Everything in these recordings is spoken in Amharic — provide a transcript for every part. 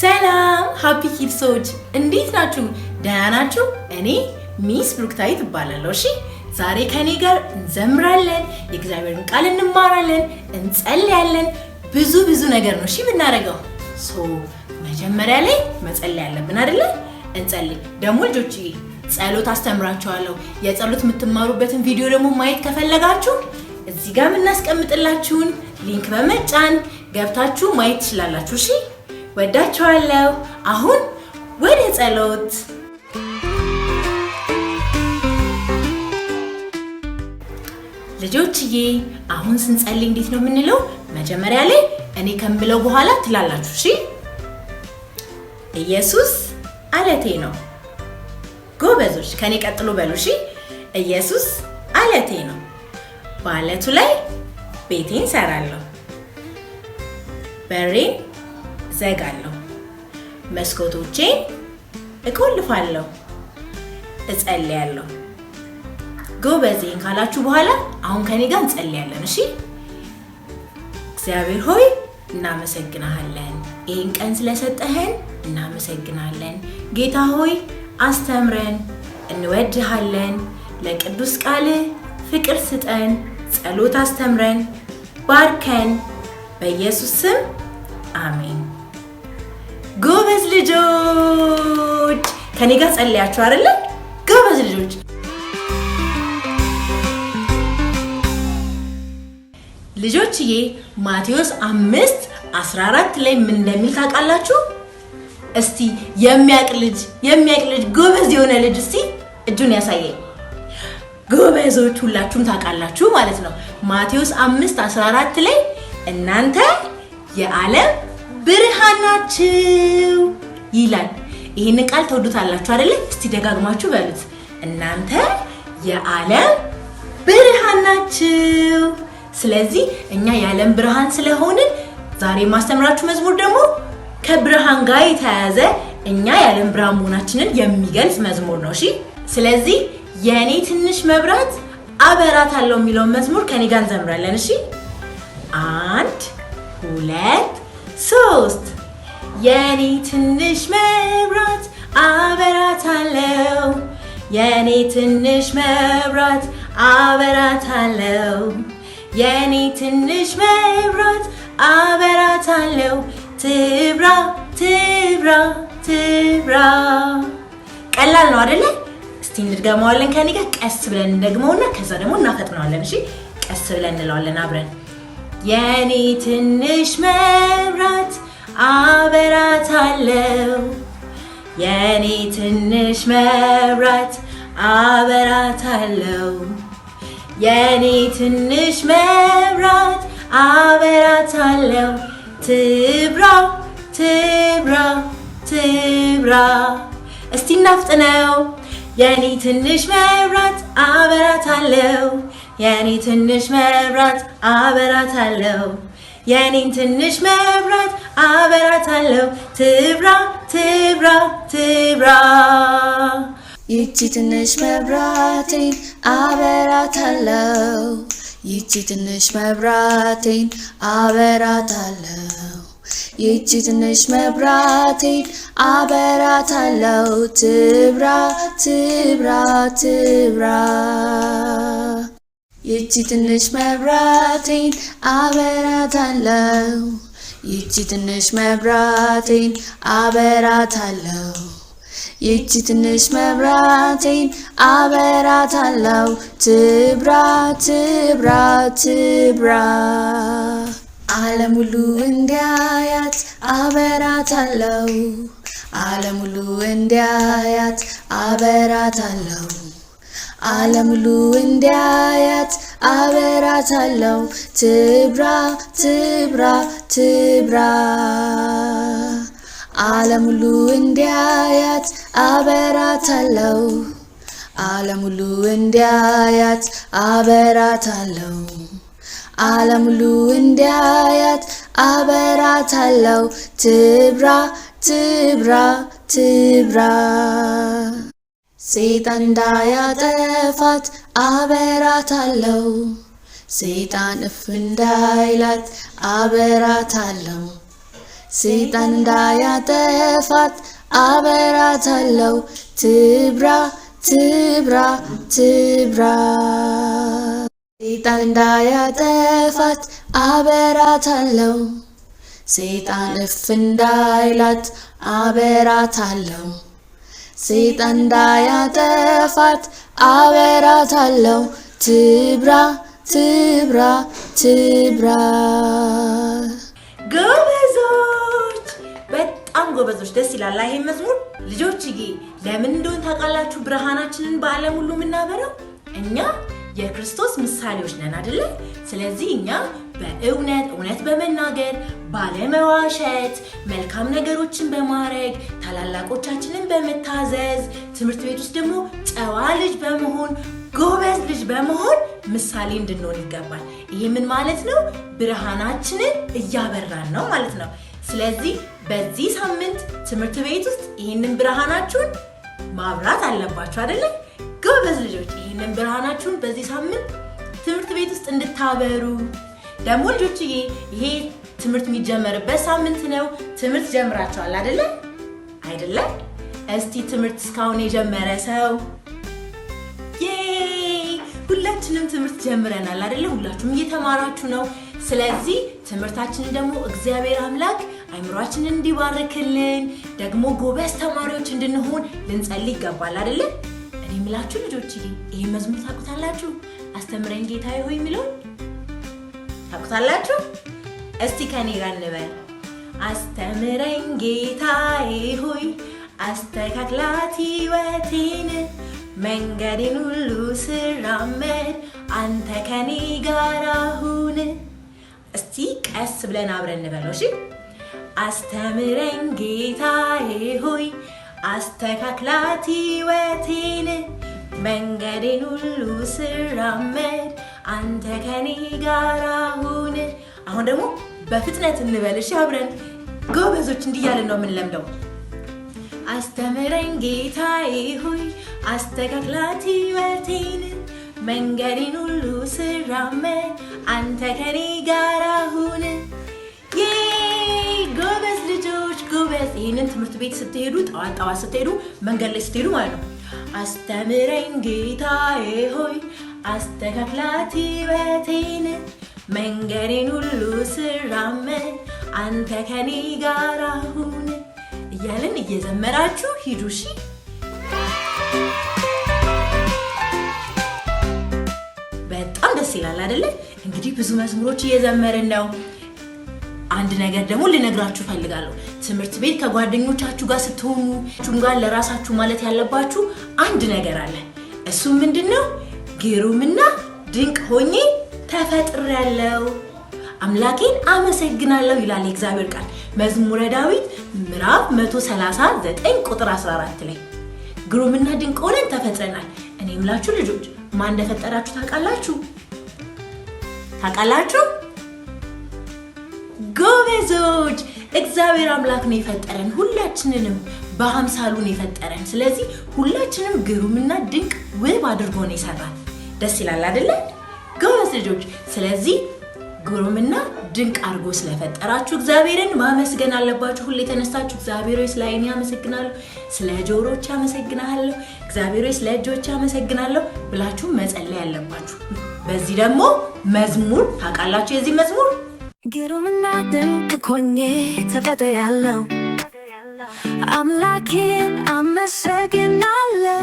ሰላም ሀፒ ኪድሶች እንዴት ናችሁ? ደህና ናችሁ? እኔ ሚስ ብሩክታዊት እባላለሁ። እሺ ዛሬ ከእኔ ጋር እንዘምራለን፣ የእግዚአብሔርን ቃል እንማራለን፣ እንጸልያለን። ብዙ ብዙ ነገር ነው እሺ የምናደርገው ሶ መጀመሪያ ላይ መጸለይ ያለብን አይደለ? እንጸልይ። ደግሞ ልጆች ጸሎት አስተምራችኋለሁ። የጸሎት የምትማሩበትን ቪዲዮ ደግሞ ማየት ከፈለጋችሁ እዚህ ጋር የምናስቀምጥላችሁን ሊንክ በመጫን ገብታችሁ ማየት ትችላላችሁ። እሺ ወዳችኋለሁ። አሁን ወደ ጸሎት። ልጆችዬ አሁን ስንጸልይ እንዴት ነው የምንለው? መጀመሪያ ላይ እኔ ከምለው በኋላ ትላላችሁ። እሺ። ኢየሱስ አለቴ ነው። ጎበዞች፣ ከኔ ቀጥሎ በሉ። እሺ። ኢየሱስ አለቴ ነው፣ በአለቱ ላይ ቤቴን ሰራለሁ፣ በሬን ዘጋለሁ። መስኮቶቼን እቆልፋለሁ። እጸልያለሁ። ጎበዜን ካላችሁ በኋላ አሁን ከኔ ጋር እንጸልያለን። እሺ እግዚአብሔር ሆይ እናመሰግናሃለን። ይህን ቀን ስለሰጠህን እናመሰግናለን። ጌታ ሆይ አስተምረን፣ እንወድሃለን። ለቅዱስ ቃልህ ፍቅር ስጠን። ጸሎት አስተምረን፣ ባርከን። በኢየሱስ ስም አሜን። ጎበዝ ልጆች ከኔ ጋር ጸልያችሁ አይደለ? ጎበዝ ልጆች ልጆችዬ ማቴዎስ አምስት 14 ላይ ምን እንደሚል ታውቃላችሁ? እስቲ የሚያቅ ልጅ የሚያውቅ ልጅ ጎበዝ የሆነ ልጅ እስቲ እጁን ያሳየኝ። ጎበዞች ሁላችሁም ታውቃላችሁ ማለት ነው። ማቴዎስ 5 14 ላይ እናንተ የዓለም ብርሃን ይላል። ይህን ቃል ተወዱታላችሁ አይደለ? እስቲ ደጋግማችሁ በሉት። እናንተ የዓለም ብርሃን ናችሁ። ስለዚህ እኛ የዓለም ብርሃን ስለሆንን ዛሬ የማስተምራችሁ መዝሙር ደግሞ ከብርሃን ጋር የተያያዘ እኛ የዓለም ብርሃን መሆናችንን የሚገልጽ መዝሙር ነው። እሺ፣ ስለዚህ የእኔ ትንሽ መብራት አበራታለሁ የሚለውን መዝሙር ከኔ ጋር እንዘምራለን። እሺ፣ አንድ ሁለት ሶስት የኔ ትንሽ መብራት አበራታለው የኔ ትንሽ መብራት አበራታለው የኔ ትንሽ መብራት አበራታለው ትብራ ትብራ ትብራ። ቀላል ነው አደለ እስቲ እንድገመዋለን ከኔ ጋር ቀስ ብለን እንደግመውና ከዛ ደግሞ እናፈጥነዋለን። እሺ ቀስ ብለን እንለዋለን አብረን የኔ ትንሽ መብራት አበራታለው የኔ ትንሽ መብራት አበራታለው የኔ ትንሽ መብራት አበራታለው ትብራ ትብራ ትብራ እስቲ እናፍጥነው የኔ ትንሽ መብራት አበራታለው የኔ ትንሽ መብራት አበራታለሁ የኔን ትንሽ መብራት አበራታለሁ ትብራ ትብራ ትብራ ይቺ ትንሽ መብራቴን አበራታለሁ ይቺ ትንሽ መብራቴን አበራታለሁ ይቺ ትንሽ መብራቴን አበራታለሁ ትብራ ትብራ ትብራ ይቺ ትንሽ መብራቴን አበራታለሁ ይቺ ትንሽ መብራቴን አበራታለሁ ይቺ ትንሽ መብራቴን አበራታለሁ ትብራ ትብራ ትብራ ዓለም ሁሉ እንዲያያት አበራታለሁ ዓለም ሁሉ እንዲያያት አበራታለሁ ዓለም ሁሉ እንዲያያት አበራታለሁ። ትብራ ትብራ ትብራ ዓለም ሁሉ እንዲያያት አበራታለሁ። ዓለም ሁሉ እንዲያያት አበራታለሁ። ዓለም ሁሉ እንዲያያት አበራታለሁ። ትብራ ትብራ ትብራ ሰይጣን እንዳያጠፋት አበራታለሁ፣ ሰይጣን እፍ እንዳይላት አበራታለሁ፣ ሰይጣን እንዳያጠፋት አበራታለሁ። ትብራ ትብራ ትብራ ሰይጣን እንዳያጠፋት አበራታለሁ፣ ሰይጣን እፍ እንዳይላት አበራታለሁ። ሰይጣን እንዳያጠፋት አበራታለሁ። ትብራ ትብራ ትብራ። ጎበዞች፣ በጣም ጎበዞች። ደስ ይላል ይሄ መዝሙር ልጆችዬ። ለምን እንደሆን ታውቃላችሁ? ብርሃናችንን በዓለም ሁሉ የምናበረው እኛ የክርስቶስ ምሳሌዎች ነን አይደለ? ስለዚህ እኛ በእውነት እውነት በመናገር ባለመዋሸት፣ መልካም ነገሮችን በማድረግ ታላላቆቻችንን በመታዘዝ ትምህርት ቤት ውስጥ ደግሞ ጨዋ ልጅ በመሆን ጎበዝ ልጅ በመሆን ምሳሌ እንድንሆን ይገባል። ይሄ ምን ማለት ነው? ብርሃናችንን እያበራን ነው ማለት ነው። ስለዚህ በዚህ ሳምንት ትምህርት ቤት ውስጥ ይህንን ብርሃናችሁን ማብራት አለባችሁ አይደለም? ጎበዝ ልጆች ይህንን ብርሃናችሁን በዚህ ሳምንት ትምህርት ቤት ውስጥ እንድታበሩ ደግሞ ልጆችዬ ይሄ ትምህርት የሚጀመርበት ሳምንት ነው። ትምህርት ጀምራቸዋል አይደለ? አይደለም። እስቲ ትምህርት እስካሁን የጀመረ ሰው ሁላችንም ትምህርት ጀምረናል አይደለ? ሁላችሁም እየተማራችሁ ነው። ስለዚህ ትምህርታችንን ደግሞ እግዚአብሔር አምላክ አይምሯችንን እንዲባርክልን ደግሞ ጎበዝ ተማሪዎች እንድንሆን ልንጸልይ ይገባል አይደለ? እኔ የምላችሁ ልጆች ይሄ መዝሙር ታውቁታላችሁ። አስተምረኝ ጌታዬ ሆይ የሚለውን ታውቁታላችሁ። እስቲ ከኔ ጋር እንበል። አስተምረኝ ጌታዬ ሆይ አስተካክላት ህይወቴን መንገዴን ሁሉ ስራመድ አንተ ከኔ ጋር አሁን። እስቲ ቀስ ብለን አብረን እንበለው። እሺ አስተምረኝ ጌታዬ ሆይ አስተካክላት ህይወቴን መንገዴን ሁሉ ስራመድ አንተ ከኔ ጋር አሁን አሁን ደግሞ በፍጥነት እንበልሽ አብረን ጎበዞች እንዲያለን ነው የምንለምደው። አስተምረኝ ጌታዬ ሆይ አስተካክላት ወቴን መንገዴን ሁሉ ስራመ አንተ ከኔ ጋር አሁን። ጎበዝ ልጆች ጎበዝ። ይህንን ትምህርት ቤት ስትሄዱ ጠዋት ጠዋት ስትሄዱ መንገድ ላይ ስትሄዱ ማለት ነው። አስተምረኝ ጌታዬ ሆይ አስተካክላት በቴን መንገዴን ሁሉ ስራመ አንተ ከኔ ጋር አሁን እያልን እየዘመራችሁ ሂዱ ሺ በጣም ደስ ይላል አይደለ? እንግዲህ ብዙ መዝሙሮች እየዘመርን ነው። አንድ ነገር ደግሞ ልነግራችሁ ፈልጋለሁ። ትምህርት ቤት ከጓደኞቻችሁ ጋር ስትሆኑ ጋር ለራሳችሁ ማለት ያለባችሁ አንድ ነገር አለ። እሱም ምንድን ነው? ግሩምና ድንቅ ሆኜ ተፈጥሬያለሁ፣ አምላኬን አመሰግናለሁ ይላል የእግዚአብሔር ቃል መዝሙረ ዳዊት ምዕራፍ 139 ቁጥር 14 ላይ። ግሩምና ድንቅ ሆነን ተፈጥረናል። እኔ የምላችሁ ልጆች ማን እንደፈጠራችሁ ታውቃላችሁ? ታውቃላችሁ? ጎበዞች! እግዚአብሔር አምላክ ነው የፈጠረን። ሁላችንንም በአምሳሉ ነው የፈጠረን። ስለዚህ ሁላችንም ግሩምና ድንቅ ውብ አድርጎ ነው የሰራን። ደስ ይላል አይደለ? ጎበዝ ልጆች። ስለዚህ ግሩምና ድንቅ አድርጎ ስለፈጠራችሁ እግዚአብሔርን ማመስገን አለባችሁ። ሁሌ የተነሳችሁ እግዚአብሔር ሆይ ስለ ዓይኔ አመሰግናለሁ፣ ስለ ጆሮች አመሰግናለሁ፣ እግዚአብሔር ሆይ ስለ እጆች አመሰግናለሁ ብላችሁ መጸለይ አለባችሁ። በዚህ ደግሞ መዝሙር ታውቃላችሁ። የዚህ መዝሙር ግሩምና ድንቅ ኮኜ ተፈጥሬያለሁ፣ አምላኬን አመሰግናለሁ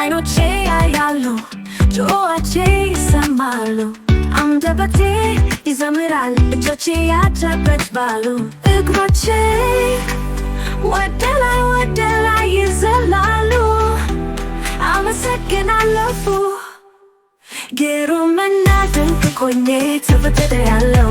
አይኖቼ ያያሉ፣ ጆሮዎቼ ይሰማሉ፣ አንደበቴ ይዘምራል፣ እጆቼ ያጨበጭባሉ፣ እግሮች ወደ ላይ ወደ ላይ ይዘላሉ። አመሰግናለሁ ግሩምና ድንቅ ቆኜ ያለው።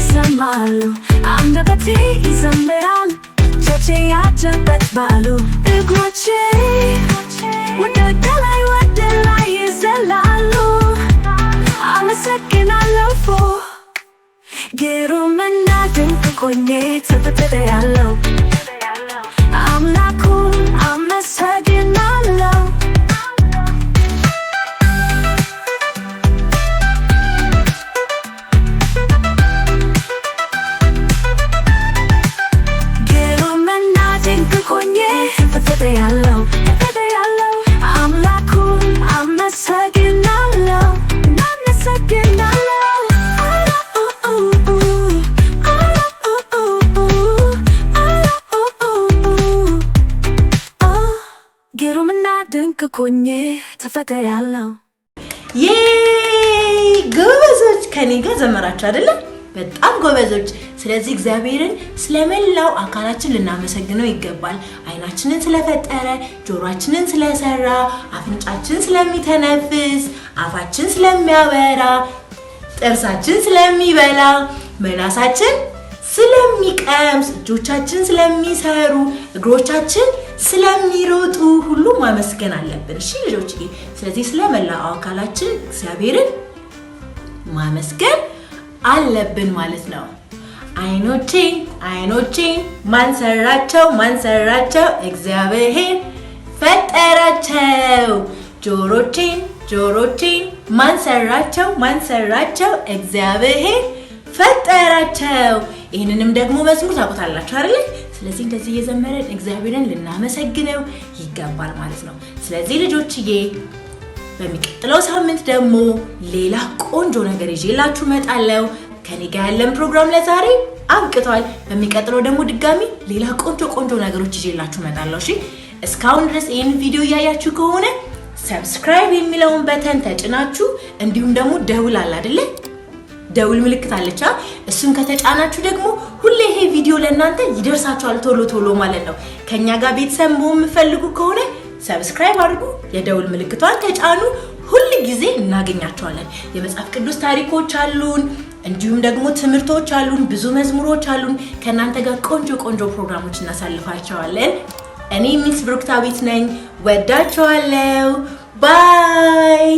ይዘማሉ፣ አንደበቴ ይዘምራል፣ እጆቼ ያጨበት ባሉ እግሮቼ ወደ ላይ ወደ ላይ ይዘላሉ። አመሰግናለሁ ግሩምና ድንቅ ቆኜ ተፈጥሬ ያለው አምላኩን አመሰግ ሆኜ ተፈቀር ያለው ይ ጎበዞች፣ ከኔ ጋር ዘመራችሁ አይደለም? በጣም ጎበዞች። ስለዚህ እግዚአብሔርን ስለመላው አካላችን ልናመሰግነው ይገባል። አይናችንን ስለፈጠረ፣ ጆሮአችንን ስለሰራ፣ አፍንጫችን ስለሚተነፍስ፣ አፋችን ስለሚያበራ፣ ጥርሳችን ስለሚበላ፣ መላሳችን ስለሚቀምስ፣ እጆቻችን ስለሚሰሩ፣ እግሮቻችን ስለሚሮጡ ሁሉ ማመስገን አለብን። እሺ ልጆች፣ ስለዚህ ስለመላ አካላችን እግዚአብሔርን ማመስገን አለብን ማለት ነው። አይኖቼን አይኖቼን ማንሰራቸው ማንሰራቸው እግዚአብሔር ፈጠራቸው። ጆሮቼን ጆሮቼን ማንሰራቸው ማንሰራቸው እግዚአብሔር ፈጠራቸው። ይህንንም ደግሞ መዝሙር ታውቁታላችሁ አይደል? ስለዚህ እንደዚህ እየዘመርን እግዚአብሔርን ልናመሰግነው ይገባል ማለት ነው። ስለዚህ ልጆችዬ በሚቀጥለው ሳምንት ደግሞ ሌላ ቆንጆ ነገር ይዤላችሁ እመጣለሁ። ከኔ ጋር ያለን ፕሮግራም ለዛሬ አብቅቷል። በሚቀጥለው ደግሞ ድጋሚ ሌላ ቆንጆ ቆንጆ ነገሮች ይዤላችሁ እመጣለሁ። እሺ፣ እስካሁን ድረስ ይህን ቪዲዮ እያያችሁ ከሆነ ሰብስክራይብ የሚለውን በተን ተጭናችሁ እንዲሁም ደግሞ ደውል አለ አይደለ ደውል ምልክት አለች። እሱን ከተጫናችሁ ደግሞ ሁሌ ይሄ ቪዲዮ ለእናንተ ይደርሳችኋል ቶሎ ቶሎ ማለት ነው። ከኛ ጋር ቤተሰብ መሆን የምፈልጉ ከሆነ ሰብስክራይብ አድርጉ፣ የደውል ምልክቷን ተጫኑ። ሁል ጊዜ እናገኛቸዋለን። የመጽሐፍ ቅዱስ ታሪኮች አሉን፣ እንዲሁም ደግሞ ትምህርቶች አሉን፣ ብዙ መዝሙሮች አሉን። ከእናንተ ጋር ቆንጆ ቆንጆ ፕሮግራሞች እናሳልፋቸዋለን። እኔ ሚስ ብሩክታዊት ነኝ። ወዳችኋለሁ። ባይ